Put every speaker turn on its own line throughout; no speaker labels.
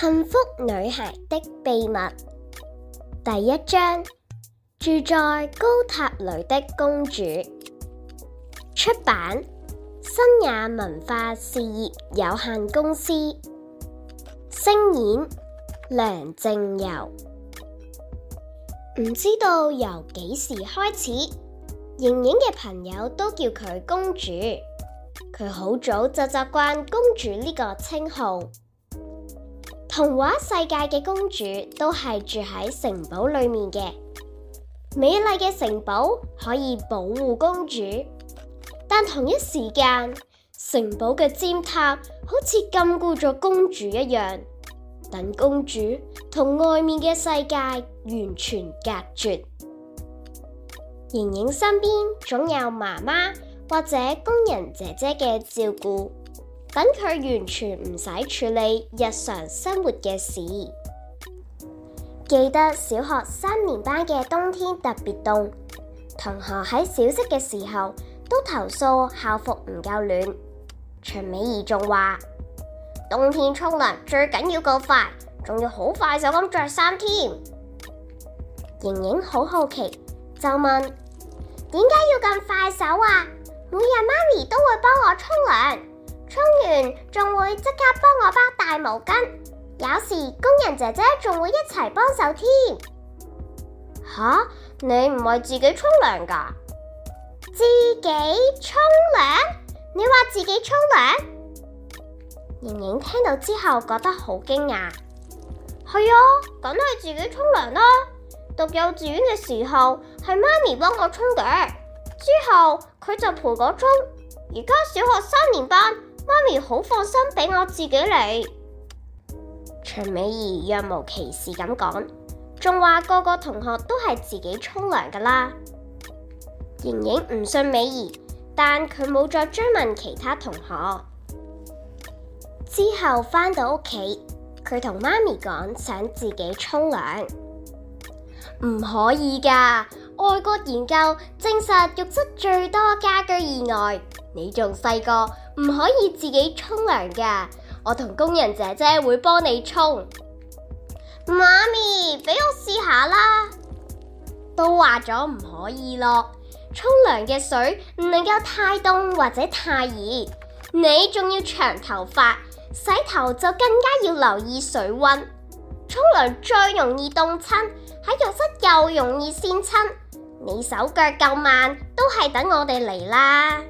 幸福女孩的秘密第一章：住在高塔裏的公主。出版：新雅文化事業有限公司。聲演：梁靖悠。唔知道由幾時開始，盈盈嘅朋友都叫佢公主，佢好早就習慣公主呢個稱號。童話世界嘅公主都係住喺城堡裏面嘅，美麗嘅城堡可以保護公主，但同一時間，城堡嘅尖塔好似禁錮咗公主一樣，等公主同外面嘅世界完全隔絕。瑩瑩身邊總有媽媽或者工人姐姐嘅照顧。等佢完全唔使處理日常生活嘅事。記得小學三年班嘅冬天特別凍，同學喺小息嘅時候都投訴校服唔夠暖。陳美儀仲話：冬天沖涼最緊要夠快，仲要好快手咁着衫添。盈盈好好奇，就問：點解要咁快手啊？每日媽咪都會幫我沖涼。沖完仲會即刻幫我包大毛巾，有時工人姐姐仲會一齊幫手添。哈、啊，你唔係自己沖涼噶？自己沖涼？你話自己沖涼？瑩瑩聽到之後覺得好驚訝。係啊，梗係自己沖涼啦。讀幼稚園嘅時候係媽咪幫我沖嘅，之後佢就陪我沖。而家小學三年班。好放心，俾我自己嚟。長美儀若無其事咁講，仲話個個同學都係自己沖涼噶啦。盈盈唔信美儀，但佢冇再追問其他同學。之後返到屋企，佢同媽咪講想自己沖涼，唔可以噶。外國研究證實，浴室最多家居意外。你仲細個，唔可以自己沖涼㗎。我同工人姐姐會幫你沖。媽咪，俾我試下啦。都話咗唔可以咯。沖涼嘅水唔能夠太凍或者太熱。你仲要長頭髮，洗頭就更加要留意水溫。沖涼最容易凍親，喺浴室又容易跣親。你手腳夠慢，都係等我哋嚟啦。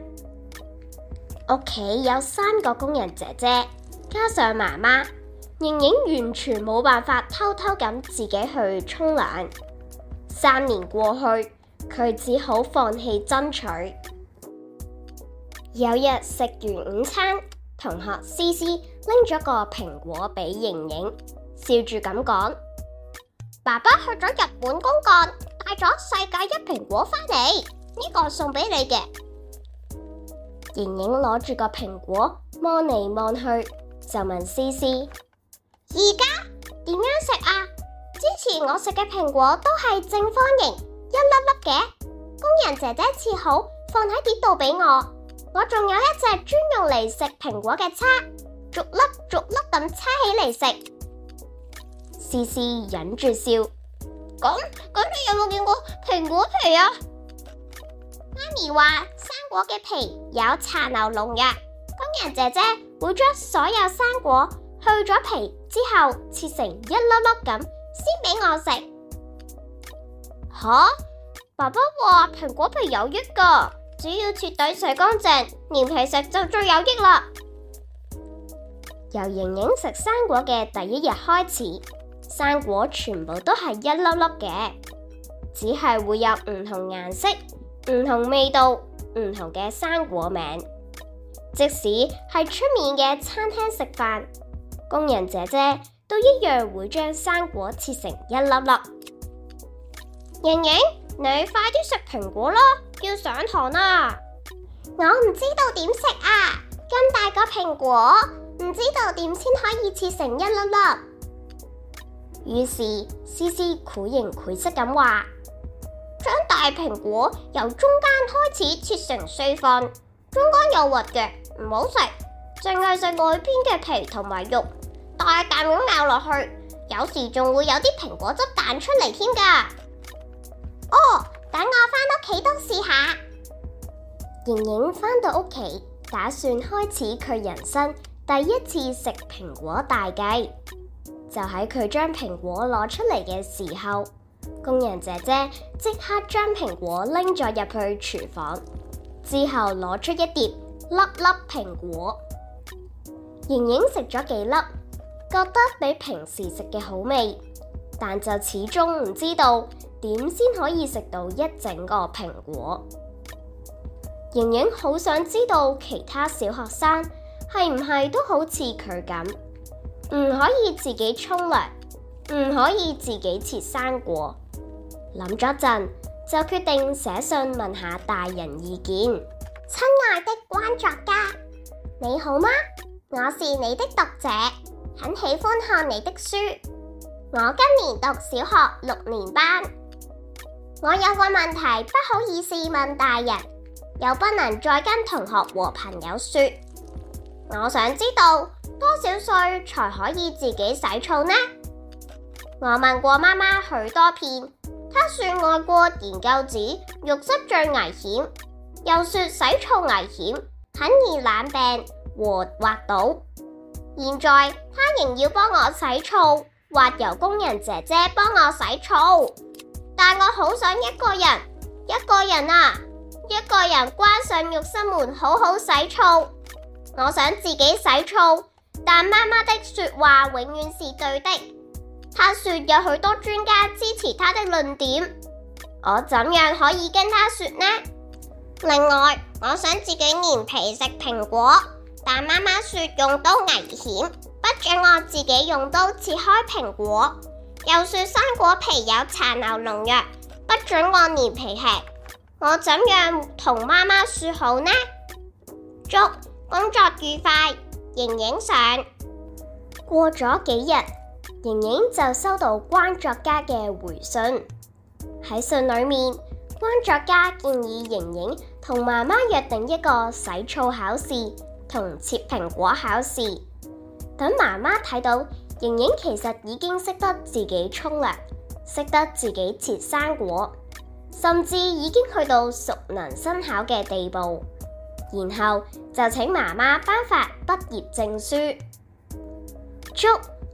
屋企有三個工人姐姐，加上媽媽，盈盈完全冇辦法偷偷咁自己去沖涼。三年過去，佢只好放棄爭取。有日食完午餐，同學思思拎咗個蘋果俾盈盈，笑住咁講：「爸爸去咗日本公幹，帶咗世界一蘋果返嚟，呢個送俾你嘅。盈盈攞住個蘋果，望嚟望去就問思思：而家點樣食啊？之前我食嘅蘋果都係正方形，一粒粒嘅。工人姐姐切好，放喺碟度俾我。我仲有一隻專用嚟食蘋果嘅叉，逐粒逐粒咁叉起嚟食。思思忍住笑，講：咁你有冇見過蘋果皮啊？媽咪話：生果嘅皮有殘留農藥，工人姐姐會將所有生果去咗皮之後切成一粒粒咁先俾我食。哈、啊，爸爸話蘋果皮有益噶，只要徹底洗乾淨，連皮食就最有益啦。由盈盈食生果嘅第一日開始，生果全部都係一粒粒嘅，只係會有唔同顏色。唔同味道，唔同嘅生果名。即使係出面嘅餐廳食飯，工人姐姐都一樣會將生果切成一粒粒。盈盈，你快啲食蘋果咯，要上堂啦！我唔知道點食啊，咁大個蘋果，唔知道點先可以切成一粒粒。於是，思思繪形繪色咁話。將大蘋果由中間開始切成四份，中間有核嘅唔好食，淨係食外邊嘅皮同埋肉，大啖咁咬落去，有時仲會有啲蘋果汁彈出嚟添㗎。哦，等我返屋企都試下。盈盈返到屋企，打算開始佢人生第一次食蘋果大計，就喺佢將蘋果攞出嚟嘅時候，工人姐姐即刻將蘋果拎咗入去廚房，之後攞出一碟粒粒蘋果。盈盈食咗幾粒，覺得比平時食嘅好味，但就始終唔知道點先可以食到一整個蘋果。盈盈好想知道其他小學生係唔係都好似佢咁，唔可以自己沖涼，唔可以自己切生果。諗咗陣，就決定寫信問下大人意見。親愛的關作家，你好嗎？我是你的讀者，很喜歡看你的書。我今年讀小學六年班，我有個問題，不好意思問大人，又不能再跟同學和朋友說。我想知道多少歲才可以自己洗澡呢？我問過媽媽許多遍，她說外國研究指浴室最危險，又說洗澡危險，很易染病和滑倒。現在她仍要幫我洗澡，或由工人姐姐幫我洗澡，但我好想一個人，一個人啊，一個人關上浴室門好好洗澡。我想自己洗澡，但媽媽的說話永遠是對的。他說有許多專家支持他的論點，我怎樣可以跟他說呢？另外，我想自己連皮食蘋果，但媽媽說用刀危險，不准我自己用刀切開蘋果。又說生果皮有殘留農藥，不准我連皮吃。我怎樣同媽媽說好呢？祝工作愉快，瑩瑩上。過咗幾日。瑩瑩就收到關作家嘅回信，喺信裏面，關作家建議瑩瑩同媽媽約定一個洗澡考試同切蘋果考試，等媽媽睇到瑩瑩其實已經識得自己沖涼，識得自己切生果，甚至已經去到熟能生巧嘅地步，然後就請媽媽頒發畢業證書，祝。